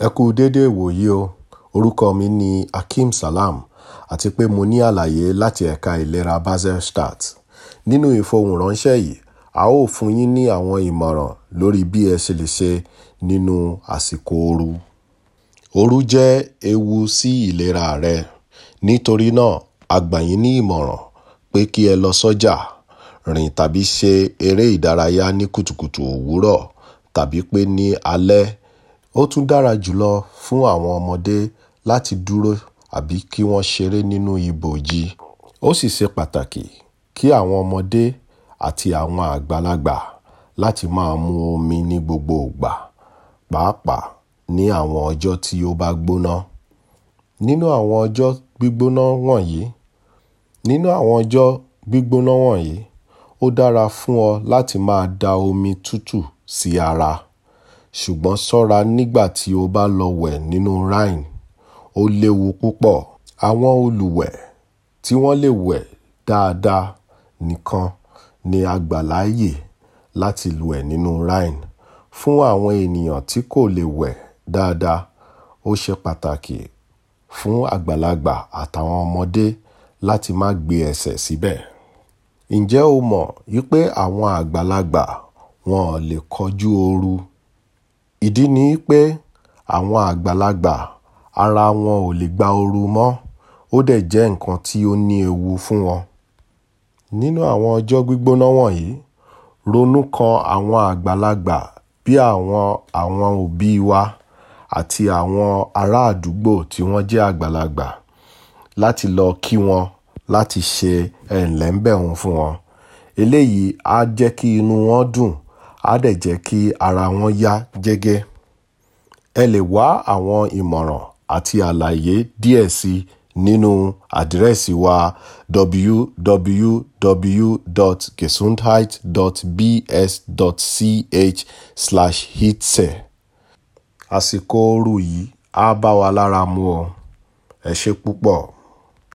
Ẹ kú dédé ìwòyí o. Orúkọ mi ni Akeem Salam àti pé mo ní àlàyé láti ẹ̀ka ìlera Baselstadt. Nínú ìfohùnránṣẹ́ yìí, a ó fún yín ní àwọn ìmọ̀ràn lórí bí ẹ ṣe lè ṣe nínú àsìkò ooru. Ooru jẹ́ ewu sí ìlera rẹ. Nítorí náà, a gbà yín ní ìmọ̀ràn pé kí ẹ lọ sọ́jà, rìn tàbí ṣe eré ìdárayá ní kùtùkùtù òwúrọ̀ tàbí pé ní alẹ́ Ó tún dára jùlọ fún àwọn ọmọdé láti dúró àbí kí wọ́n ṣeré nínú ibòji. Ó sì ṣe pàtàkì kí àwọn ọmọdé àti àwọn àgbàlagbà láti máa mu omi ní gbogbo ìgbà, pàápàá ní àwọn ọjọ́ tí ó bá gbóná. Nínú àwọn ọjọ́ gbígbóná wọ̀nyí, Nínú àwọn ọjọ́ gbígbóná wọ̀nyí, ó dára fún ọ láti máa da omi tútù sí ara ṣùgbọ́n ṣọ́ra nígbà tí o bá lọ wẹ̀ nínú rhine ó léwu púpọ̀. àwọn olùwẹ̀ tí wọ́n lè wẹ̀ dáadáa nìkan ni a gbà láàyè láti wẹ̀ nínú rhine. fún àwọn ènìyàn tí kò lè wẹ̀ dáadáa ó ṣe pàtàkì fún àgbàlagbà àtàwọn ọmọdé láti má gbé ẹsẹ̀ síbẹ̀. ǹjẹ́ o mọ̀ wípé àwọn àgbàlagbà wọn ò lè kojú ooru ìdí ni pé àwọn àgbàlagbà ara wọn ò lè gba ooru mọ́ ó dẹ̀ jẹ́ nǹkan tí ó ní ewu fún wọn. Nínú àwọn ọjọ́ gbígbóná wọ̀nyí, ronú kan àwọn àgbàlagbà bí àwọn àwọn òbí wa àti àwọn ará àdúgbò tí wọ́n jẹ́ àgbàlagbà láti lọ kí wọn láti ṣe ẹ̀ńlẹ́ńbẹ̀hún fún wọn. Eléyìí á jẹ́ kí inú wọn dùn á dẹ̀ jẹ́ kí ara wọn yá jẹ́gẹ́. ẹ lè wá àwọn ìmọ̀ràn àti àlàyé díẹ̀ sí i nínú àdírẹ́sì wa www.gesundheit.bs.ch/hitse. àsìkò ooru yìí á bá wa lára mu o ẹ ṣe púpọ̀.